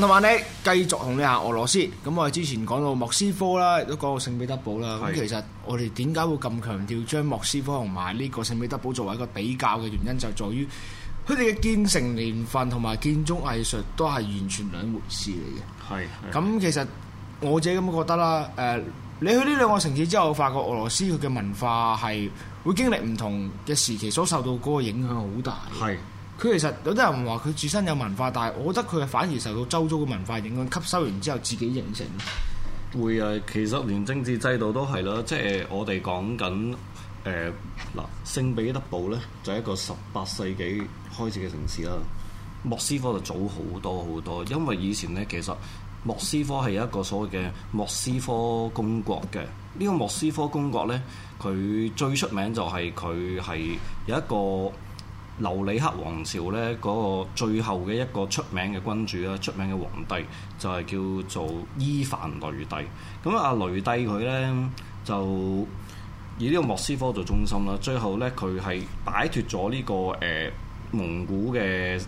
同埋你繼續同你下俄羅斯，咁我哋之前講到莫斯科啦，亦都講到聖彼得堡啦。咁的其實我哋點解會咁強調將莫斯科同埋呢個聖彼得堡作為一個比較嘅原因，就在於佢哋嘅建成年份同埋建築藝術都係完全兩回事嚟嘅。係咁的，其實我自己咁覺得啦。誒、呃，你去呢兩個城市之後，發覺俄羅斯佢嘅文化係會經歷唔同嘅時期，所受到嗰個影響好大。係。佢其實有啲人唔話佢自身有文化，但係我覺得佢係反而受到周遭嘅文化影響，吸收完之後自己形成。會啊，其實連政治制度都係啦，即係我哋講緊誒嗱，聖彼得堡咧就係一個十八世紀開始嘅城市啦。莫斯科就早好多好多，因為以前咧其實莫斯科係一個所謂嘅莫斯科公國嘅。呢個莫斯科公國咧，佢最出名就係佢係有一個。琉里克王朝咧嗰個最後嘅一個出名嘅君主啦，出名嘅皇帝就係、是、叫做伊凡雷帝。咁阿雷帝佢咧就以呢個莫斯科做中心啦。最後咧佢係擺脱咗呢個誒、呃、蒙古嘅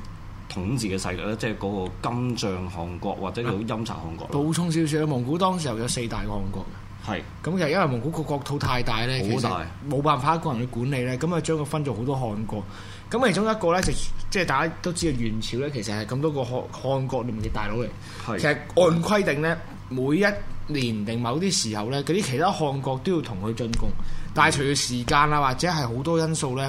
統治嘅勢力咧，即係嗰個金帳汗國或者叫欽察汗國。補充、啊、少少，少蒙古當時候有四大汗國。係，咁就是因為蒙古個國土太大咧，大其實冇辦法一個人去管理咧，咁啊、嗯、將佢分做好多汗國。咁其中一個咧就即係大家都知道元朝咧，其實係咁多個汗汗國入面嘅大佬嚟。係是，其實按規定咧，每一年定某啲時候咧，嗰啲其他汗國都要同佢進貢。但係隨住時間啦，或者係好多因素咧，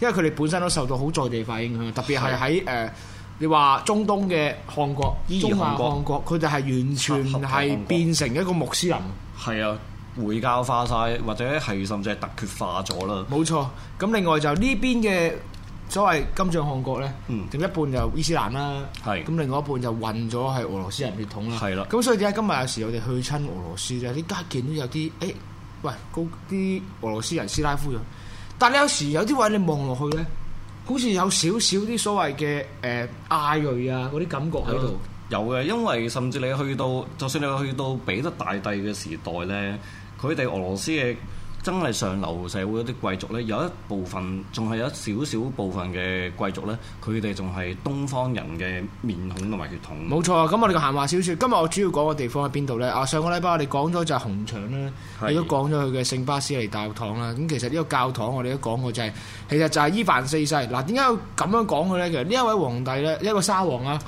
因為佢哋本身都受到好在地化影響，特別係喺誒你話中東嘅汗國，伊爾汗國，佢哋係完全係變成一個穆斯林、嗯。嗯。係啊，回教化晒，或者係甚至係突厥化咗啦。冇錯，咁另外就呢邊嘅所謂金帳汗國呢，嗯，就一半就伊斯蘭啦，係，咁另外一半就混咗係俄羅斯人血統啦，係啦。咁所以點解今日有時我哋去親俄羅斯咧，啲街景都有啲，誒、哎，喂，嗰啲俄羅斯人斯拉夫咗，但你有時有啲位你望落去呢，好似有少少啲所謂嘅誒、呃、亞裔啊嗰啲感覺喺度。有嘅，因為甚至你去到，就算你去到彼得大帝嘅時代咧，佢哋俄羅斯嘅真係上流社會嗰啲貴族咧，有一部分仲係有一少少部分嘅貴族咧，佢哋仲係東方人嘅面孔同埋血統。冇錯，咁我哋個閒話少説，今日我主要講嘅地方喺邊度咧？啊，上個禮拜我哋講咗就係紅場啦，亦都的講咗佢嘅聖巴斯尼教堂啦。咁其實呢個教堂我哋都講過、就是，就係其實就係伊凡四世嗱。點解要咁樣講佢咧？其實呢一位皇帝咧，一、呢個沙皇啊。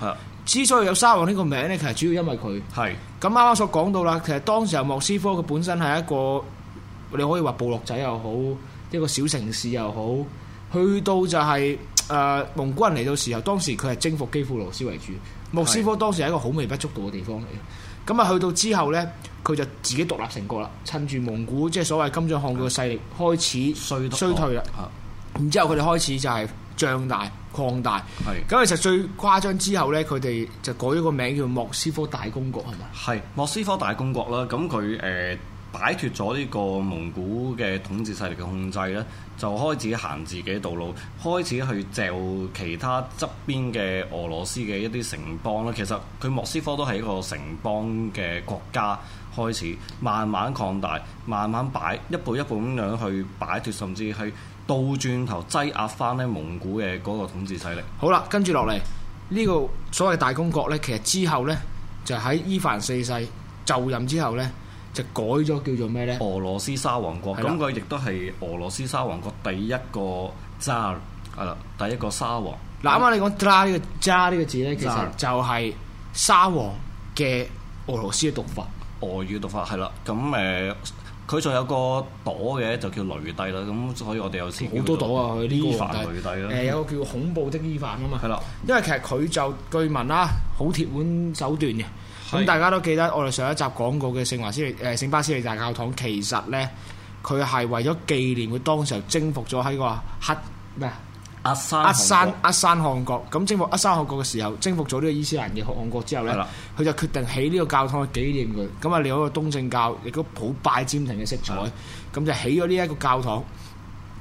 之所以有沙皇呢個名呢，其實主要因為佢。係是。咁啱啱所講到啦，其實當時啊，莫斯科佢本身係一個你可以話部落仔又好，一、這個小城市又好，去到就係、是、誒、呃、蒙古人嚟到時候，當時佢係征服基輔羅斯為主。莫斯科當時係一個好微不足道嘅地方嚟嘅。咁啊，去到之後呢，佢就自己獨立成國啦，趁住蒙古即係所謂金帳汗嘅勢力開始衰退啦。然之後佢哋開始就係、是。壯大、擴大，咁其實最誇張之後呢，佢哋就改咗個名叫莫斯科大公國，係咪？係莫斯科大公國啦，咁佢誒擺脫咗呢個蒙古嘅統治勢力嘅控制呢，就開始行自己道路，開始去就其他側邊嘅俄羅斯嘅一啲城邦啦。其實佢莫斯科都係一個城邦嘅國家，開始慢慢擴大，慢慢擺，一步一步咁樣去擺脫，甚至去。倒轉頭擠壓翻咧蒙古嘅嗰個統治勢力。好啦，跟住落嚟呢個所謂大公國呢，其實之後呢，就喺伊凡四世就任之後呢，就改咗叫做咩呢？俄羅斯沙皇國，咁佢亦都係俄羅斯沙皇國第一個沙係啦，第一個沙皇。嗱，啱啱，你講扎呢個扎呢個字呢，其實就係沙皇嘅俄羅斯嘅讀法，俄語讀法係啦。咁誒。佢仲有個朵嘅就叫雷帝啦，咁、嗯、所以我哋有先好多朵啊！佢呢個雷帝，誒有個叫恐怖的伊凡啊嘛，係啦、嗯，因為其實佢就據聞啦、啊，好鐵腕手段嘅，咁是大家都記得我哋上一集講過嘅聖華斯利誒聖巴斯利大教堂，其實咧佢係為咗紀念佢當時征服咗喺個黑咩？阿山、阿山、阿山汗國，咁征服阿山汗國嘅時候，征服咗呢個伊斯蘭嘅汗國之後咧，佢的就決定起呢個教堂去紀念佢。咁啊，你嚟到東正教亦都好拜占庭嘅色彩，咁的就起咗呢一個教堂。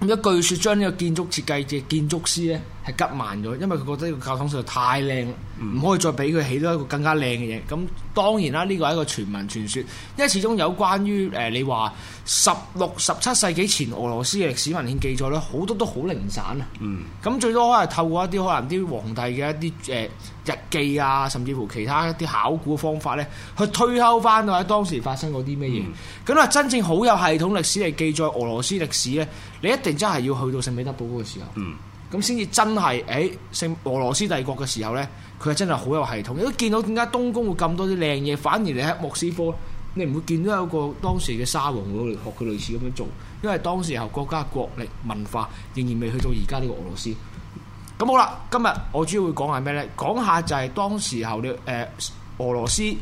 咁一據說將呢個建築設計嘅建築師咧。係急慢咗，因為佢覺得呢個教堂實在太靚，唔、嗯、可以再俾佢起到一個更加靚嘅嘢。咁當然啦，呢、這個係一個傳聞傳說，因為始終有關於誒、呃、你話十六、十七世紀前俄羅斯嘅歷史文獻記載咧，好多都好零散啊。咁、嗯、最多可能透過一啲可能啲皇帝嘅一啲誒、呃、日記啊，甚至乎其他一啲考古方法呢，去推敲翻啊當時發生過啲咩嘢。咁話、嗯、真正好有系統歷史嚟記載俄羅斯歷史呢，你一定真係要去到聖彼得堡嗰個時候。嗯咁先至真係，誒盛俄羅斯帝國嘅時候咧，佢係真係好有系統。你都見到點解冬宮會咁多啲靚嘢？反而你喺莫斯科，你唔會見到有個當時嘅沙皇會學佢類似咁樣做，因為當時候國家國力文化仍然未去到而家呢個俄羅斯。咁好啦，今日我主要會講係咩咧？講下就係當時候嘅誒俄羅斯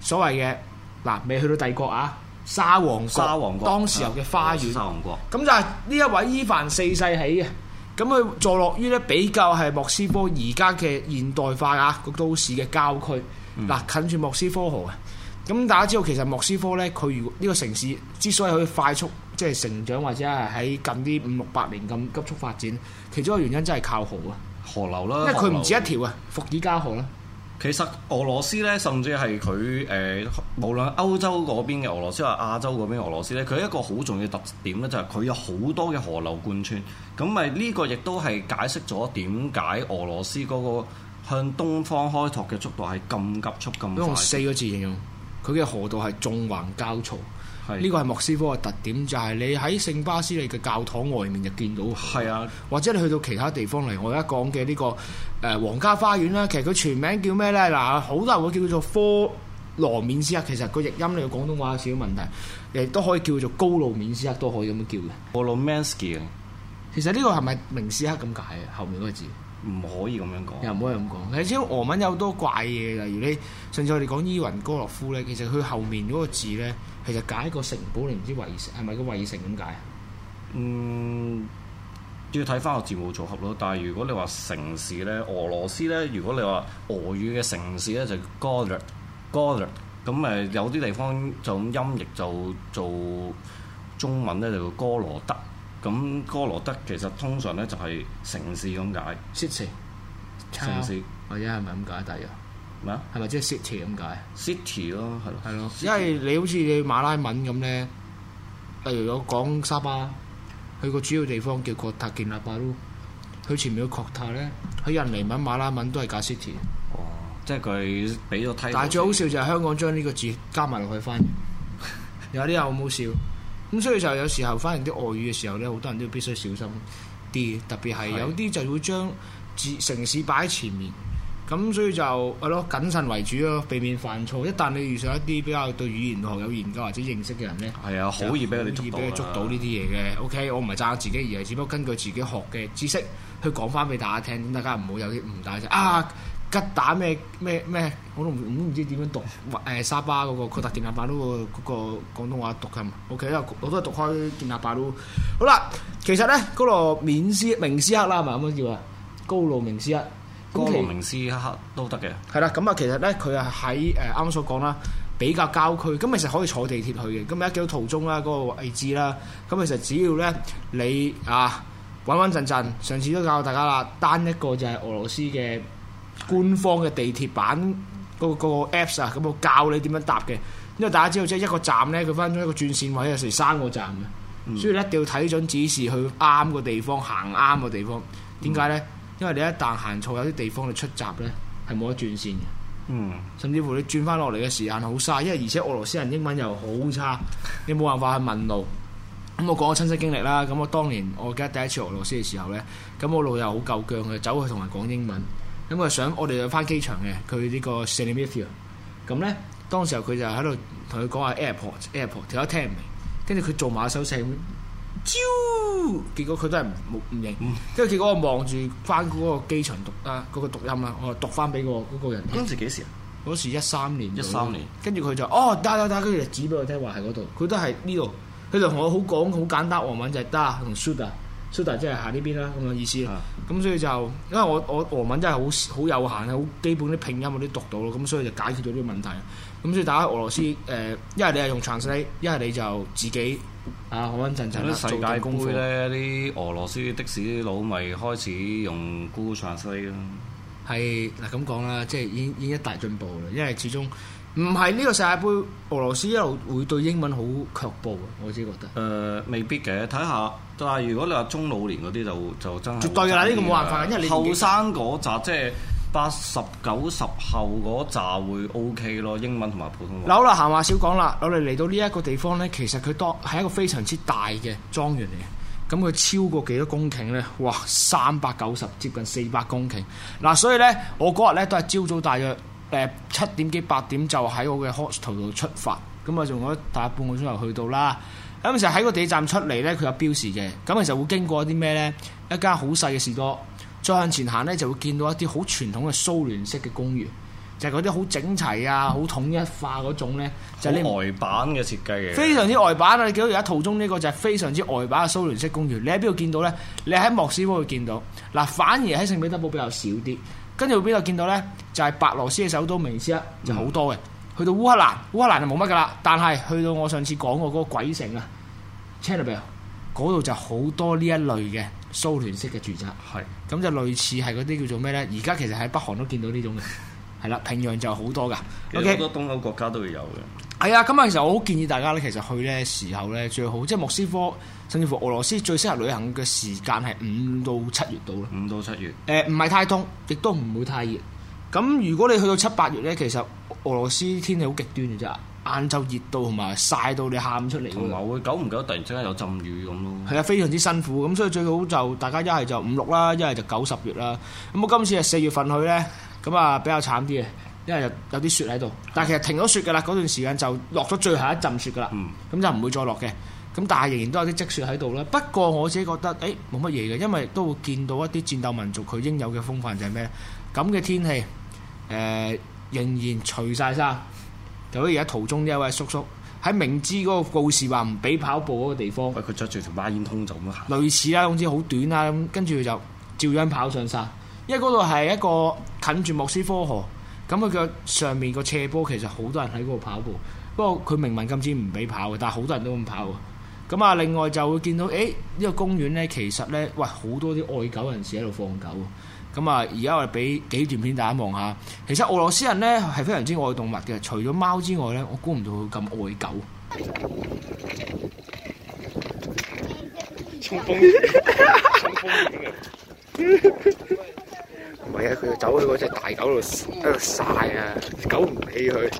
所謂嘅嗱，未去到帝國啊，沙皇國。沙皇國。當時候嘅花園。沙皇國。咁就係呢一位伊凡四世起嘅。咁佢坐落於咧，比較係莫斯科而家嘅現代化啊個都市嘅郊區，嗱、嗯、近住莫斯科河啊。咁大家知道其實莫斯科呢，佢如呢個城市之所以可以快速即係成長或者係喺近啲五六百年咁急速發展，其中一個原因真係靠河啊，河流啦，因為佢唔止一條啊，伏爾加河啦。其實俄羅斯咧，甚至係佢誒，無論歐洲嗰邊嘅俄羅斯或亞洲嗰邊俄羅斯咧，佢一個好重要嘅特點咧，就係佢有好多嘅河流貫穿，咁咪呢個亦都係解釋咗點解俄羅斯嗰個向東方開拓嘅速度係咁急速咁快。四個字形容，佢嘅河道係縱橫交錯。呢個係莫斯科嘅特點，就係、是、你喺聖巴斯利嘅教堂外面就見到。係啊，或者你去到其他地方嚟，我而家講嘅呢個誒皇、呃、家花園啦，其實佢全名叫咩咧？嗱，好多人會叫做科羅緬斯克，其實個譯音你廣東話有少少問題，亦都可以叫做高路緬斯克都可以咁樣叫嘅。Kolomensky 其實呢個係咪明斯克咁解啊？後面嗰個字。唔可以咁樣講，又唔可以咁講。你知俄文有多怪嘢，例如你上次我哋講伊雲哥洛夫咧，其實佢後面嗰個字咧，其實解個城堡，你唔知圍城，係咪個圍城咁解啊？嗯，要睇翻個字母組合咯。但係如果你話城市咧，俄羅斯咧，如果你話俄語嘅城市咧，就叫 Gorod，Gorod。咁誒有啲地方就咁音譯就做中文咧，就叫哥羅德。咁哥羅德其實通常咧就係城市咁解。city Ch ow，城市或者係咪咁解？但又咩啊？係咪即係 city 咁解？city 咯，係咯。因為你好似你去馬拉文咁咧，例如我講沙巴，佢個主要地方叫國塔建那巴魯，佢前面個國塔咧，佢印尼文馬拉文都係假 city。哦，即係佢俾咗梯。但係最好笑就係香港將呢個字加埋落去翻，有啲人好好笑。 咁所以就有時候反而啲外語嘅時候咧，好多人都必須小心啲，特別係有啲就會將字城市擺喺前面。咁所以就係咯，謹慎為主咯，避免犯錯。一旦你遇上一啲比較對語言學有研究或者認識嘅人咧，係啊的，好易俾佢捉到呢啲嘢嘅。的 OK，我唔係讚自己而，而係只不過根據自己學嘅知識去講返俾大家聽，大家唔好有啲誤解啫啊。吉打咩咩咩，我都唔唔知點樣讀，誒沙巴嗰、那個佢讀、嗯、電壓板嗰個嗰個廣東話讀係嘛？O K，我我都係讀開電壓板都好啦。其實咧，高羅緬斯明斯克啦，係咪咁樣叫啊？高路明斯克，是是，高路明斯克都得嘅。係啦，咁啊，其實咧佢啊喺誒啱啱所講啦，比較郊區，咁其實可以坐地鐵去嘅。咁一叫到途中啦，嗰、那個位置啦，咁其實只要咧你啊穩穩陣陣，上次都教大家啦，單一個就係俄羅斯嘅。官方嘅地鐵版嗰個 Apps 啊，咁我教你點樣搭嘅。因為大家知道即係一個站呢，佢分咗一個轉線位，有成三個站嘅，嗯、所以一定要睇準指示，去啱個地方，行啱個地方。點解呢？嗯、因為你一旦行錯，有啲地方你出閘呢，係冇得轉線嘅。嗯、甚至乎你轉翻落嚟嘅時間好嘥，因為而且俄羅斯人英文又好差， 你冇辦法去問路。咁、嗯、我講我親身經歷啦。咁、嗯、我當年我 g 得第一次俄羅斯嘅時候呢，咁我路又好夠僵嘅，走去同人講英文。咁我想，我哋就翻機場嘅，佢呢個 Saint Michael 咁咧，當時候佢就喺度同佢講話 airport，airport，條友聽唔明，跟住佢做埋手勢，咁招，結果佢都係唔認。跟住、嗯、結果我望住翻嗰個機場讀啊，嗰、那個讀音啦，我、啊、讀翻俾個嗰個人。嗰、嗯、時幾時啊？嗰時一三年，年，一三年。跟住佢就哦，得得得，跟住就指俾我聽話喺嗰度，佢都係呢度。佢就同我好講好簡單，黃文就係得同 Sud。蘇大即係行呢邊啦咁嘅意思，咁所以就、啊、所以就因為我我俄文真係好好有限啊，好基本啲拼音我都讀到咯，咁所以就解決到呢個問題。咁所以打開俄羅斯誒，一、呃、係你係用 translate 一係你就自己啊，好穩陣陣世界盃咧，啲俄羅斯的，的士佬咪開始用 Google translate 咯。係嗱咁講啦，即係已經已經一大進步啦，因為始終。唔係呢個世界盃，俄羅斯一路會對英文好卻步，我自己覺得。誒、呃，未必嘅，睇下。但係如果你話中老年嗰啲就就真係。絕對啦！呢個冇辦法，因為你後生嗰扎即係八十九十後嗰扎會 O K 咯，英文同埋普通話。嗱，好啦，閒話少講啦，我哋嚟到呢一個地方呢，其實佢當係一個非常之大嘅莊園嚟嘅。咁佢超過幾多公頃呢？哇，三百九十接近四百公頃。嗱、啊，所以呢，我嗰日呢，都係朝早大約。誒七點幾八點就喺我嘅 hostel 度出發，咁啊仲咗大概半個鐘頭去到啦。咁其實喺個地鐵站出嚟呢，佢有標示嘅。咁其實會經過啲咩呢？一間好細嘅士多，再向前行呢，就會見到一啲好傳統嘅蘇聯式嘅公寓，就係嗰啲好整齊啊、好統一化嗰種咧。嗯、就係外版嘅設計嘅。非常之外版啊！你見到而家圖中呢個就係非常之外版嘅蘇聯式公寓。你喺邊度見到呢？你喺莫斯科會見到。嗱，反而喺聖彼得堡比較少啲。跟住去邊度見到呢？就係、是、白羅斯嘅首都明斯克，就好、是、多嘅。嗯、去到烏克蘭，烏克蘭就冇乜噶啦。但係去到我上次講過嗰個鬼城啊 Chernobyl 嗰度就好多呢一類嘅蘇聯式嘅住宅。係的，咁就類似係嗰啲叫做咩呢？而家其實喺北韓都見到呢種嘅。係 啦，平壤就好多噶。OK，好多東歐國家都會有嘅。係啊，咁啊，其實我好建議大家呢，其實去呢時候呢最好即係、就是、莫斯科。甚至乎俄羅斯最適合旅行嘅時間係五到七月度啦。五到七月。誒、呃，唔係太凍，亦都唔會太熱。咁如果你去到七八月呢，其實俄羅斯天氣好極端嘅啫。晏晝熱到同埋晒到你，你喊出嚟。同埋會久唔久突然之間有陣雨咁咯。係啊，非常之辛苦。咁所以最好就大家一係就五六啦，一係就九十月啦。咁我今次係四月份去呢，咁啊比較慘啲嘅，因為有啲雪喺度。但係其實停咗雪㗎啦，嗰段時間就落咗最後一陣雪㗎啦。嗯。咁就唔會再落嘅。咁但係仍然都有啲積雪喺度啦。不過我自己覺得，誒冇乜嘢嘅，因為都會見到一啲戰鬥民族佢應有嘅風範就係咩？咁嘅天氣，誒、呃、仍然除晒衫。就好似而家途中呢一位叔叔，喺明知嗰個告示話唔俾跑步嗰個地方，喂佢着住條孖煙通就咁行。類似啦，總之好短啦咁，跟住就照樣跑上山。因為嗰度係一個近住莫斯科河，咁佢腳上面個斜坡其實好多人喺嗰度跑步。不過佢明文禁止唔俾跑嘅，但係好多人都咁跑。嗯。咁啊，另外就會見到，誒呢個公園咧，其實咧，喂好多啲愛狗人士喺度放狗喎。咁啊，而家我哋俾幾段片大家望下。其實俄羅斯人咧係非常之愛動物嘅，除咗貓之外咧，我估唔到佢咁愛狗。衝鋒！唔係啊，佢就走去嗰隻大狗度喺度晒啊，狗唔理佢。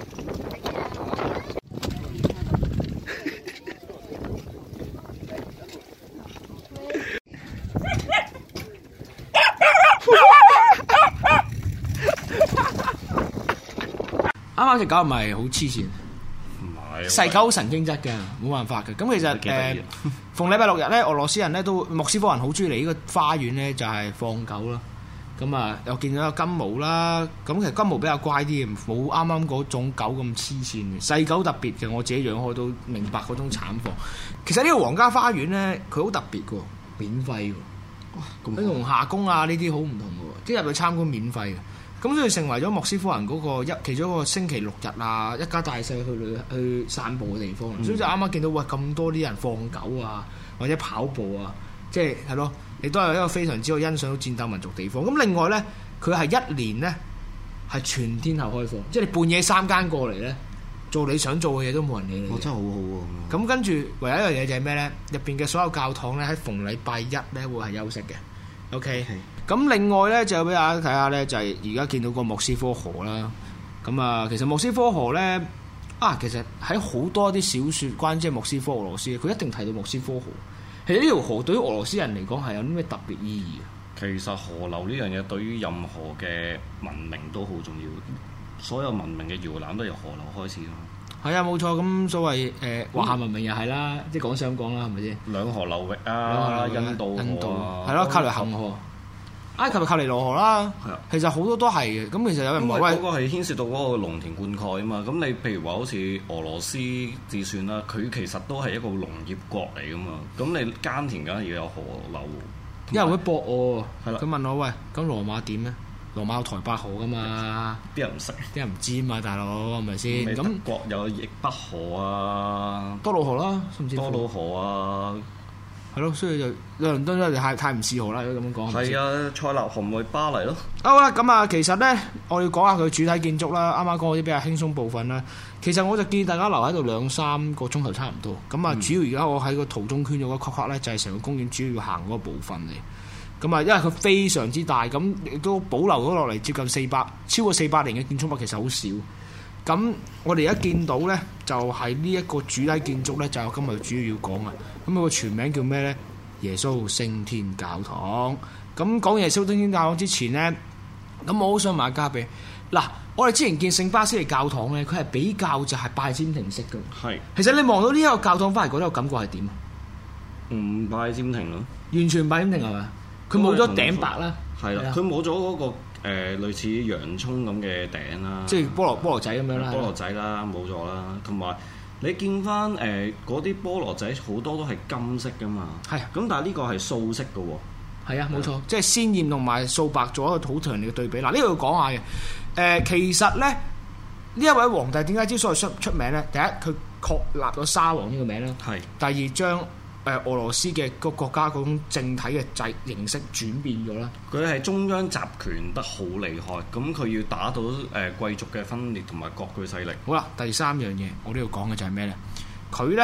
隻狗唔係好黐綫，細狗好神經質嘅，冇是辦法嘅。咁其實誒， 逢禮拜六日咧，俄羅斯人咧都莫斯科人好中意嚟,呢個花園咧就係放狗啦。咁、嗯、啊又見到個金毛啦，咁其實金毛比較乖啲，唔冇啱啱嗰種狗咁黐綫。細狗特別嘅，我自己養開都明白嗰種慘況。其實呢個皇家花園咧，佢好特別嘅，免費嘅。哇、哦，咁同夏宮啊呢啲好唔同嘅，即係入去參觀免費嘅。咁所以成為咗莫斯科人嗰個一其中一個星期六日啊，一家大細去旅去散步嘅地方。嗯、所以就啱啱見到喂咁多啲人放狗啊，或者跑步啊，即係係咯，你都係一個非常之好欣賞到戰鬥民族地方。咁另外呢，佢係一年呢，係全天候開放，即係你半夜三更過嚟呢，做你想做嘅嘢都冇人理你，哦。真係好好、啊、喎！咁跟住唯一一一樣嘢就係咩呢？入邊嘅所有教堂呢，喺逢禮拜一呢，會係休息嘅。OK。咁另外咧就俾大家睇下咧，就係而家見到個莫斯科河啦。咁啊，其實莫斯科河咧啊，其實喺好多啲小說關於莫斯科俄羅斯，佢一定提到莫斯科河。其實呢條河對於俄羅斯人嚟講係有啲咩特別意義啊？其實河流呢樣嘢對於任何嘅文明都好重要，所有文明嘅搖籃都由河流開始咯。係啊，冇錯。咁所謂誒華夏文明又係啦，嗯、即係講長江啦，係咪先？兩河流域啊，印度、啊、印度，係咯，卡雷克河。埃及咪靠尼羅河啦，其實好多都係嘅。咁其實有人唔係喂，嗰個係牽涉到嗰個農田灌溉啊嘛。咁你譬如話好似俄羅斯自算啦，佢其實都係一個農業國嚟噶嘛。咁你耕田梗係要有河流。有人會駁我，佢的問我：喂，咁羅馬點咧？羅馬有台伯河噶嘛？啲人唔識，啲人唔知啊嘛，大佬係咪先？咁國有易北、啊、那河，河啊，多瑙河啦，甚至多瑙河啊。係咯，所以就倫敦真係太太唔適合啦，如果咁樣講。係啊，塞納河咪巴黎咯。好啦，咁啊，其實呢，我要講下佢主體建築啦，啱啱講嗰啲比較輕鬆部分啦。其實我就建議大家留喺度兩三個鐘頭差唔多。咁啊，主要而家我喺個途中圈咗個框框咧，就係成個公園主要行嗰個部分嚟。咁啊，因為佢非常之大，咁亦都保留咗落嚟接近四百，超過四百年嘅建築物，其實好少。咁我哋而家見到咧，就係呢一個主體建築咧，就係我今日主要要講啊。咁佢個全名叫咩咧？耶穌升天教堂。咁講完耶穌升天教堂之前咧，咁我好想問下嘉比：嗱，我哋之前見聖巴斯蒂教堂咧，佢係比較就係拜占庭式噶。係是。其實你望到呢一個教堂翻嚟，覺得個感覺係點啊？唔拜占庭咯。完全拜占庭係咪？佢冇咗頂白啦。係啦，佢冇咗嗰個。誒、呃、類似洋葱咁嘅頂啦、啊，即係菠蘿菠蘿仔咁樣啦，菠蘿仔啦冇錯啦，同埋你見翻誒嗰啲菠蘿仔好、啊啊呃、多都係金色噶嘛，係，咁但係呢個係素色嘅喎、啊，係啊冇錯，嗯、即係鮮豔同埋素白做一個好強烈嘅對比。嗱呢度要講下嘅，誒、呃、其實咧呢一位皇帝點解之所以出出名咧？第一佢確立咗沙皇呢個名啦，係、啊，第二張。俄羅斯嘅個國家嗰種政體嘅制形式轉變咗啦。佢係中央集權得好厲害，咁佢要打倒誒、呃、貴族嘅分裂同埋各具勢力。好啦，第三樣嘢，我都要講嘅就係咩呢？佢呢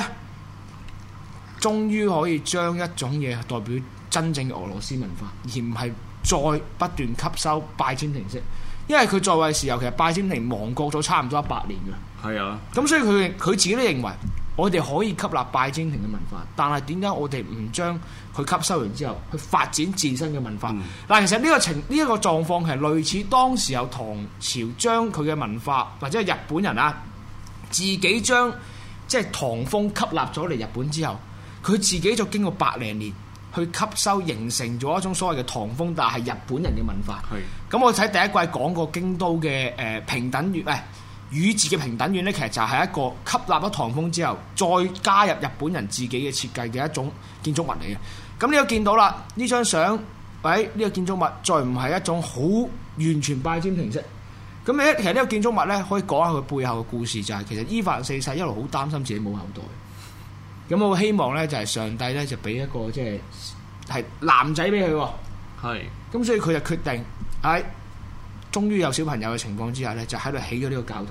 終於可以將一種嘢代表真正嘅俄羅斯文化，而唔係再不斷吸收拜占庭式，因為佢在位時候，其實拜占庭亡國咗差唔多一百年嘅。係啊。咁所以佢佢自己都認為。我哋可以吸納拜占庭嘅文化，但係點解我哋唔將佢吸收完之後，去發展自身嘅文化？嗱、嗯，其實呢個情呢一、呢個狀況係類似當時有唐朝將佢嘅文化，或者係日本人啊，自己將即係唐風吸納咗嚟日本之後，佢自己就經過百零年去吸收，形成咗一種所謂嘅唐風，但係日本人嘅文化。係咁是，我睇第一季講過京都嘅誒、呃、平等月誒。哎宇治嘅平等院呢，其實就係一個吸納咗唐風之後，再加入日本人自己嘅設計嘅一種建築物嚟嘅。咁你都見到啦，呢張相喺呢個建築物，再唔係一種好完全拜占庭式。咁你，其實呢個建築物呢，可以講下佢背後嘅故事就係、是，其實伊凡四世一路好擔心自己冇後代，咁我希望呢，就係、是、上帝呢，就俾一個即係係男仔俾佢喎。係是。咁所以佢就決定係。哎終於有小朋友嘅情況之下咧，就喺度起咗呢個教堂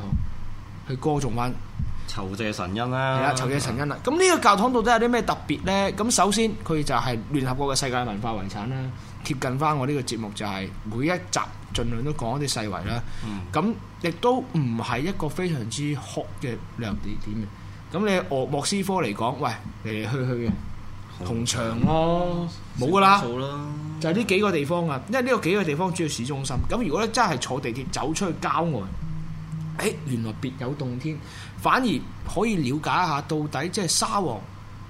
去歌頌翻酬謝神恩啦。係啦，酬謝神恩啦。咁呢個教堂到底有啲咩特別咧？咁首先佢就係聯合國嘅世界文化遺產啦。貼近翻我呢個節目就係每一集儘量都講一啲世遺啦。咁亦都唔係一個非常之 hot 嘅旅遊地點嘅。咁你俄莫斯科嚟講，喂嚟嚟去去嘅。紅場咯，冇㗎喇，就係呢幾個地方啊，因為呢個幾個地方主要市中心。咁如果咧真係坐地鐵走出去郊外，誒、欸、原來別有洞天，反而可以了解一下到底即係沙皇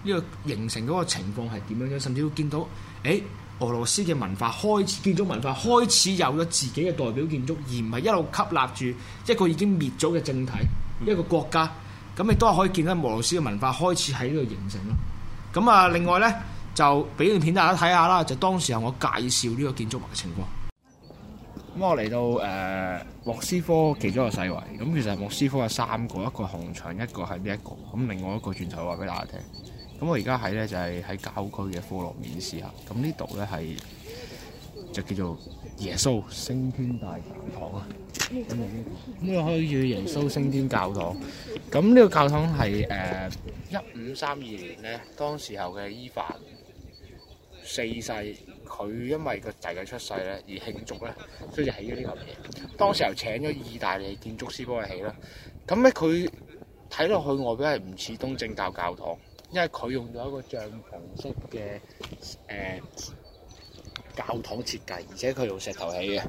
呢個形成嗰個情況係點樣啫？甚至會見到誒、欸、俄羅斯嘅文化開始，建築文化開始有咗自己嘅代表建築，而唔係一路吸納住一個已經滅咗嘅政體、嗯、一個國家。咁你都係可以見到俄羅斯嘅文化開始喺呢度形成咯。咁啊，另外咧就俾段片大家睇下啦，就當時候我介紹呢個建築物嘅情況。咁我嚟到誒、呃、莫斯科其中一個細圍，咁其實莫斯科有三個，一個紅牆，一個係呢一個？咁另外一個轉頭話俾大家聽。咁我而家喺咧就係喺郊區嘅科羅緬斯下。咁呢度咧係就叫做，耶穌升天大教堂啊！咁啊呢個可以叫耶穌升天教堂。咁呢個教堂係誒一五三二年咧，當時候嘅伊凡四世佢因為個仔嘅出世咧而慶祝咧，所以就起咗呢嚿嘢。當時又請咗意大利建築師幫佢起啦。咁咧佢睇落去外表係唔似東正教教堂，因為佢用咗一個帳篷式嘅誒。Uh, 教堂設計，而且佢用石頭起嘅。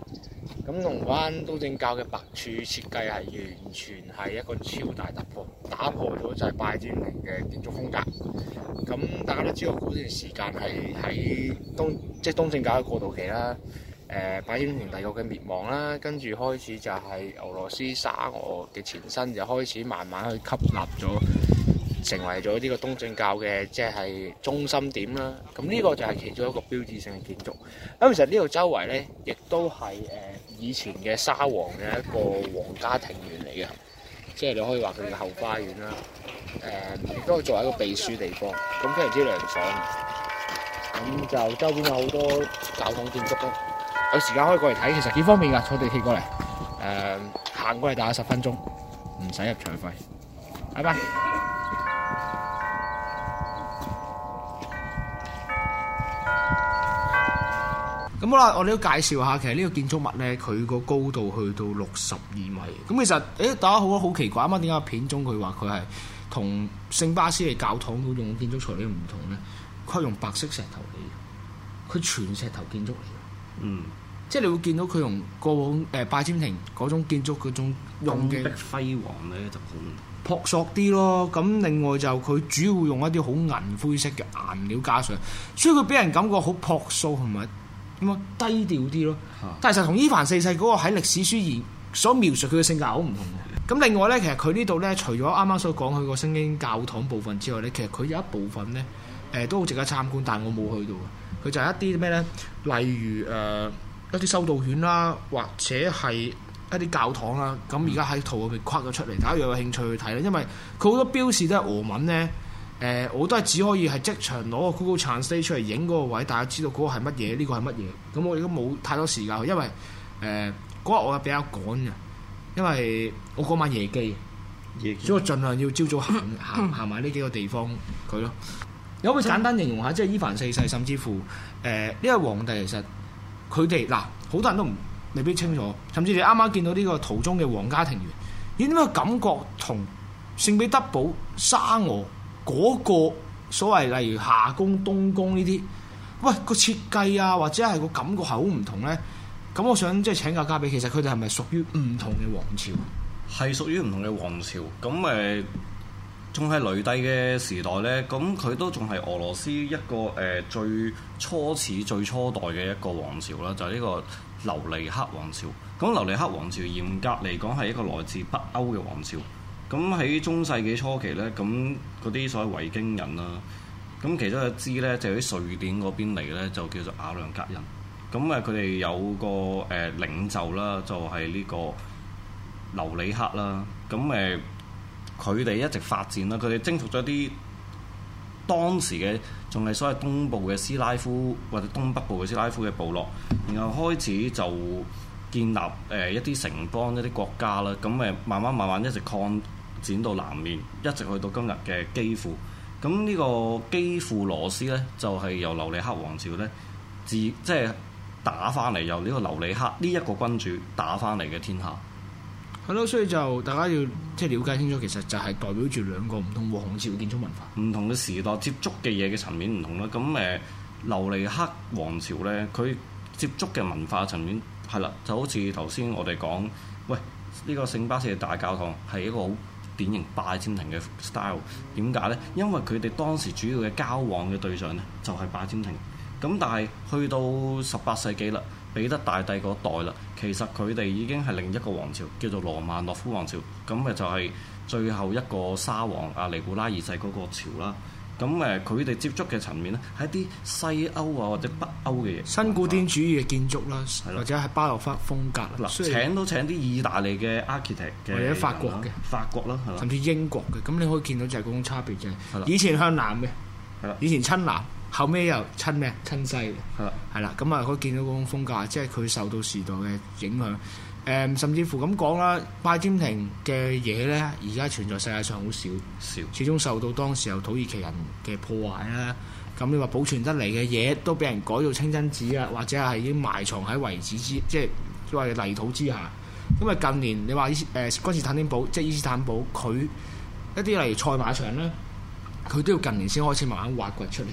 咁龍灣東正教嘅白柱設計係完全係一個超大突破，打破咗就係拜占庭嘅建築風格。咁大家都知道嗰段時間係喺東即、就係、東正教嘅過渡期啦。誒、呃，拜占庭帝國嘅滅亡啦，跟住開始就係俄羅斯沙俄嘅前身，就開始慢慢去吸納咗。成為咗呢個東正教嘅即係中心點啦。咁呢個就係其中一個標誌性嘅建築。咁其實圍呢度周圍咧，亦都係誒以前嘅沙皇嘅一個皇家庭園嚟嘅，即係你可以話佢嘅後花園啦。誒、呃，亦都可以作為一個避暑地方，咁非常之涼爽。咁就周邊有好多教堂建築咯，啊。有時間可以過嚟睇，其實幾方便噶，坐地鐵過嚟，誒、呃、行過嚟大概十分鐘，唔使入場費。拜拜。咁好啦，我哋都介紹下，其實呢個建築物咧，佢個高度去到六十二米。咁的其實，誒大家好好奇怪啊嘛，點解片中佢話佢係同聖巴斯嘅教堂嗰種建築材料唔同咧？佢係用白色石頭嚟嘅，佢全石頭建築嚟嘅。嗯，即係你會見到佢用過往誒、呃、拜占庭嗰種建築嗰種用嘅。古輝煌咧，就好，樸素啲咯。咁另外就佢主要用一啲好銀灰色嘅顏料加上，所以佢俾人感覺好樸素同埋。咁啊，低調啲咯，但係實同《伊凡四世》嗰個喺歷史書言所描述佢嘅性格好唔同。咁另外咧，其實佢呢度咧，除咗啱啱所講佢個聖經教堂部分之外咧，其實佢有一部分咧，誒都好值得參觀，但係我冇去到。佢就係一啲咩咧，例如誒、呃、一啲修道院啦，或者係一啲教堂啦。咁而家喺圖入面框咗出嚟，大家如果有興趣去睇咧，因為佢好多標示都係俄文咧。誒、呃，我都係只可以係即場攞個 Google Translate 出嚟影嗰個位，大家知道嗰個係乜嘢，呢、這個係乜嘢。咁我亦都冇太多時間去，因為誒嗰日我比較趕嘅，因為我嗰晚夜機，夜機，所以我儘量要朝早行行行埋呢幾個地方佢咯。有、嗯、可，可以簡單形容下，即係伊凡四世，甚至乎誒呢個皇帝其實佢哋嗱好多人都唔未必清楚，甚至你啱啱見到呢個途中嘅皇家庭園，有啲咩感覺同聖彼得堡沙俄？嗰、那個所謂例如夏宮、東宮呢啲，喂個設計啊，或者係個感覺係好唔同呢。咁我想即係請教嘉碧，其實佢哋係咪屬於唔同嘅王朝？係屬於唔同嘅王朝。咁誒，仲係雷帝嘅時代呢，咁佢都仲係俄羅斯一個誒、呃、最初始最初代嘅一個王朝啦，就係、是、呢個琉利克王朝。咁琉利克王朝嚴格嚟講係一個來自北歐嘅王朝。咁喺中世紀初期呢，咁嗰啲所謂維京人啊，咁其中一支呢，就喺、是、瑞典嗰邊嚟呢就叫做瓦良格人。咁誒佢哋有個誒領袖啦，就係、是、呢個留里克啦。咁誒佢哋一直發展啦，佢哋征服咗啲當時嘅仲係所謂東部嘅斯拉夫或者東北部嘅斯拉夫嘅部落，然後開始就建立誒一啲城邦一啲國家啦。咁誒慢慢慢慢一直擴展到南面，一直去到今日嘅基輔。咁呢個基輔羅斯呢，就係由琉利克王朝呢自即係打翻嚟，由呢個琉利克呢一個君主打翻嚟嘅天下。係咯，所以就大家要即係了解清楚，其實就係代表住兩個唔同王朝建築文化，唔同嘅時代接觸嘅嘢嘅層面唔同啦。咁誒，流利克王朝呢，佢接觸嘅文化層面係啦，就好似頭先我哋講，喂呢個聖巴士嘅大教堂係一個好典型拜占庭嘅 style 點解呢？因為佢哋當時主要嘅交往嘅對象呢，就係拜占庭。咁但係去到十八世紀啦，彼得大帝嗰代啦，其實佢哋已經係另一個王朝，叫做羅曼諾夫王朝。咁咪就係最後一個沙皇阿尼古拉二世嗰個朝啦。咁誒，佢哋接觸嘅層面咧，係啲西歐啊或者北歐嘅嘢，新古典主義嘅建築啦，或者係巴洛克風格。嗱，請都請啲意大利嘅 Architect，或者法國嘅法國咯，甚至英國嘅。咁你可以見到就係嗰種差別，就係以前向南嘅，以前親南，後尾又親咩？親西。係啦，咁啊，可以見到嗰種風格，即係佢受到時代嘅影響。誒、嗯，甚至乎咁講啦，拜占庭嘅嘢呢，而家存在世界上好少，少始終受到當時候土耳其人嘅破壞啦。咁你話保存得嚟嘅嘢都俾人改到清真寺啊，或者係已經埋藏喺遺址之即係話泥土之下。咁啊，近年你話伊誒君士坦丁堡，即係伊斯坦堡，佢一啲例如賽馬場咧，佢都要近年先開始慢慢挖掘出嚟。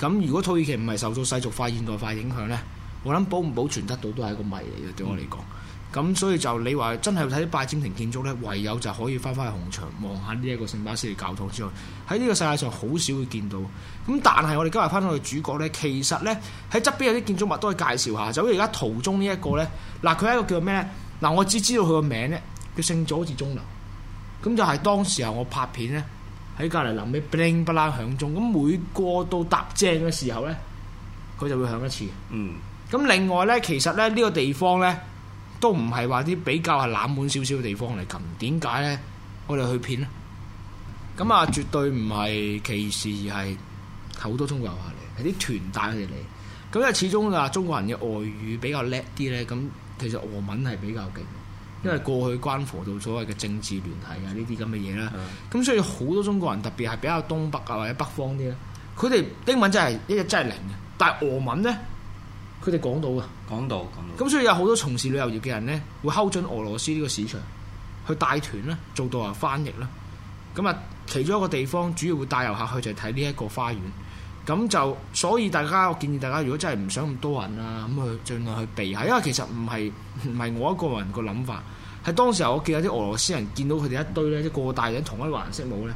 咁如果土耳其唔係受到世俗化、現代化影響呢？我諗保唔保存得到都係一個謎嚟嘅，對我嚟講。嗯。咁所以就你話真係睇啲拜占庭建築呢，唯有就可以翻翻去紅牆望下呢一個聖巴斯利教堂之外，喺呢個世界上好少會見到。咁但係我哋今日翻到去主角呢，其實呢，喺側邊有啲建築物都可以介紹下。就好似而家圖中呢一個呢，嗱佢係一個叫咩呢？嗱我只知道佢個名呢，佢姓左好似鐘樓。咁就係當時候我拍片呢，喺隔離臨尾 bling 不拉響鐘，咁每過到搭正嘅時候呢，佢就會響一次。嗯。咁另外呢，其實呢，呢個地方呢。都唔係話啲比較係冷門少少嘅地方嚟咁，點解呢？我哋去片，呢？咁啊，絕對唔係歧視，而係好多中國遊客嚟，係啲團帶佢哋嚟。咁因為始終啊，中國人嘅外語比較叻啲呢。咁其實俄文係比較勁。因為過去關乎到所謂嘅政治聯繫啊，呢啲咁嘅嘢啦。咁所以好多中國人特別係比較東北啊或者北方啲咧，佢哋英文真係一日真係零嘅，但係俄文呢。佢哋講到啊，講到講到，咁所以有好多從事旅遊業嘅人呢，會睺準俄羅斯呢個市場去帶團啦，做導遊翻譯啦。咁啊，其中一個地方主要會帶遊客去就係睇呢一個花園。咁就所以大家我建議大家，如果真係唔想咁多人啊，咁去儘量去避下。因為其實唔係唔係我一個人個諗法，喺當時候我見有啲俄羅斯人見到佢哋一堆呢即、嗯、個個戴住同一個顏色帽呢，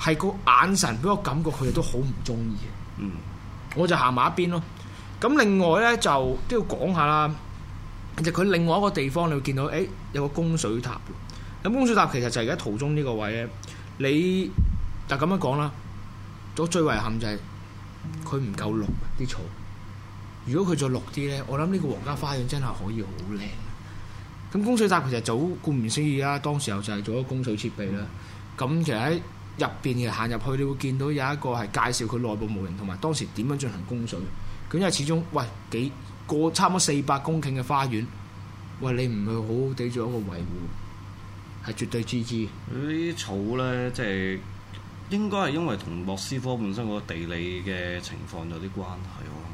係個眼神俾我感覺佢哋都好唔中意，嗯，我就行埋一邊咯。咁另外呢，就都要講下啦。其實佢另外一個地方，你會見到，誒、欸、有個供水塔。咁供水塔其實就係而家途中呢個位呢，你就，就咁樣講啦，我最遺憾就係佢唔夠綠啲草。如果佢再綠啲呢，我諗呢個皇家花園真係可以好靚。咁供水塔其實早顧名思義啦，當時候就係做咗供水設備啦。咁其實喺入邊嘅行入去，你會見到有一個係介紹佢內部模型同埋當時點樣進行供水。咁因為始終，喂，幾個差唔多四百公頃嘅花園，喂，你唔去好好地做一個維護，係絕對支滋。嗰啲草咧，即係應該係因為同莫斯科本身個地理嘅情況有啲關係咯。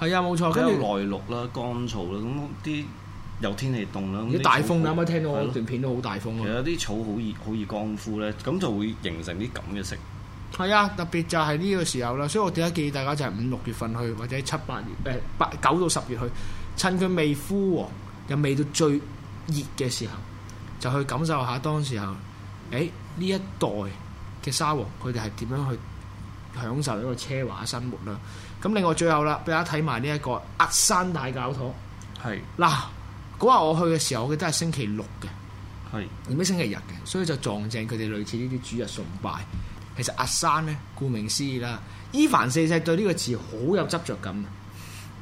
係啊，冇、啊、錯，跟住內陸啦，乾燥啦，咁啲又天氣凍啦，啲大風，啱啱聽到段片都好大風。其實啲草好易好易乾枯咧，咁就會形成啲咁嘅色。係啊，特別就係呢個時候啦，所以我點解建議大家就係五六月份去，或者七八月誒八九到十月去，趁佢未枯黃，又未到最熱嘅時候，就去感受下當時候誒呢一代嘅沙皇佢哋係點樣去享受一個奢華生活啦。咁另外最後啦，俾大家睇埋呢一個亞山大教堂係嗱，嗰日我去嘅時候，我記得係星期六嘅，是而唔係星期日嘅，所以就撞正佢哋類似呢啲主日崇拜。其實阿山呢，顧名思義啦，伊凡四世對呢個字好有執着感，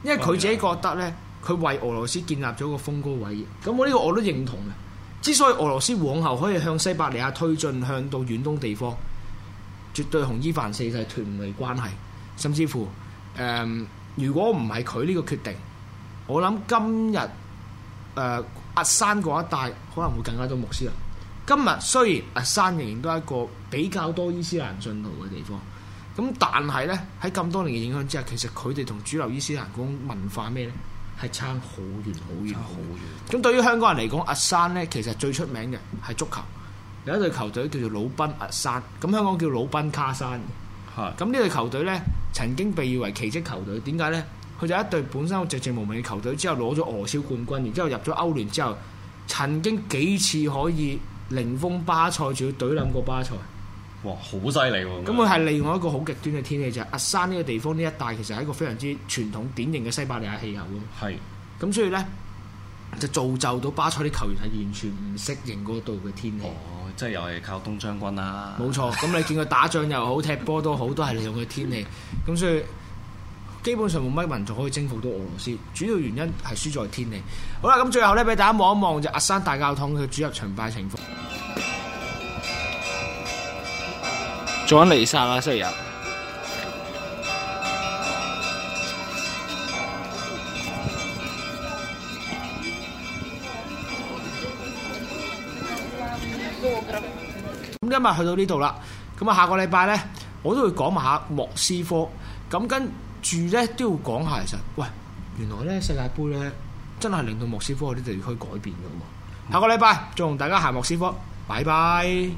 因為佢自己覺得呢，佢為俄羅斯建立咗個豐功偉業。咁我呢個我都認同嘅。之所以俄羅斯往後可以向西伯利亞推進，向到遠東地方，絕對同伊凡四世脫唔離關係。甚至乎，誒、呃，如果唔係佢呢個決定，我諗今日、呃、阿山嗰一帶可能會更加多牧師人。今日雖然阿山仍然都係一個比較多伊斯蘭信徒嘅地方，咁但係呢，喺咁多年嘅影響之下，其實佢哋同主流伊斯蘭文化咩呢？係差好遠好遠好遠。咁對於香港人嚟講，阿山呢其實最出名嘅係足球，有一隊球隊叫做魯賓阿山，咁香港叫魯賓卡山嘅。係。咁呢隊球隊呢曾經被譽為奇蹟球隊，點解呢？佢就一隊本身好寂寂無名嘅球隊，之後攞咗俄超冠軍，然之後入咗歐聯之後，曾經幾次可以。凌風巴塞仲要懟冧過巴塞，哇，好犀利喎！咁佢係另外一個好極端嘅天氣就係、是、阿山呢個地方呢一帶，其實係一個非常之傳統典型嘅西伯利亞氣候咯。係是，咁所以呢，就造就到巴塞啲球員係完全唔適應嗰度嘅天氣。哦，即係又係靠冬將軍啦、啊。冇錯，咁你見佢打仗又好， 踢波都好，都係利用佢天氣。咁、嗯、所以。基本上冇乜民族可以征服到俄羅斯，主要原因係輸在天氣。好啦，咁最後咧，俾大家望一望就阿山大教堂嘅主日崇拜情況，做緊彌撒啊，星期日。咁 今日去到呢度啦，咁啊，下個禮拜咧，我都會講下莫斯科咁跟住咧都要講下，其實，喂，原來咧世界盃咧真係令到莫斯科嗰啲地區改變噶喎。嗯、下個禮拜再同大家行莫斯科，拜拜。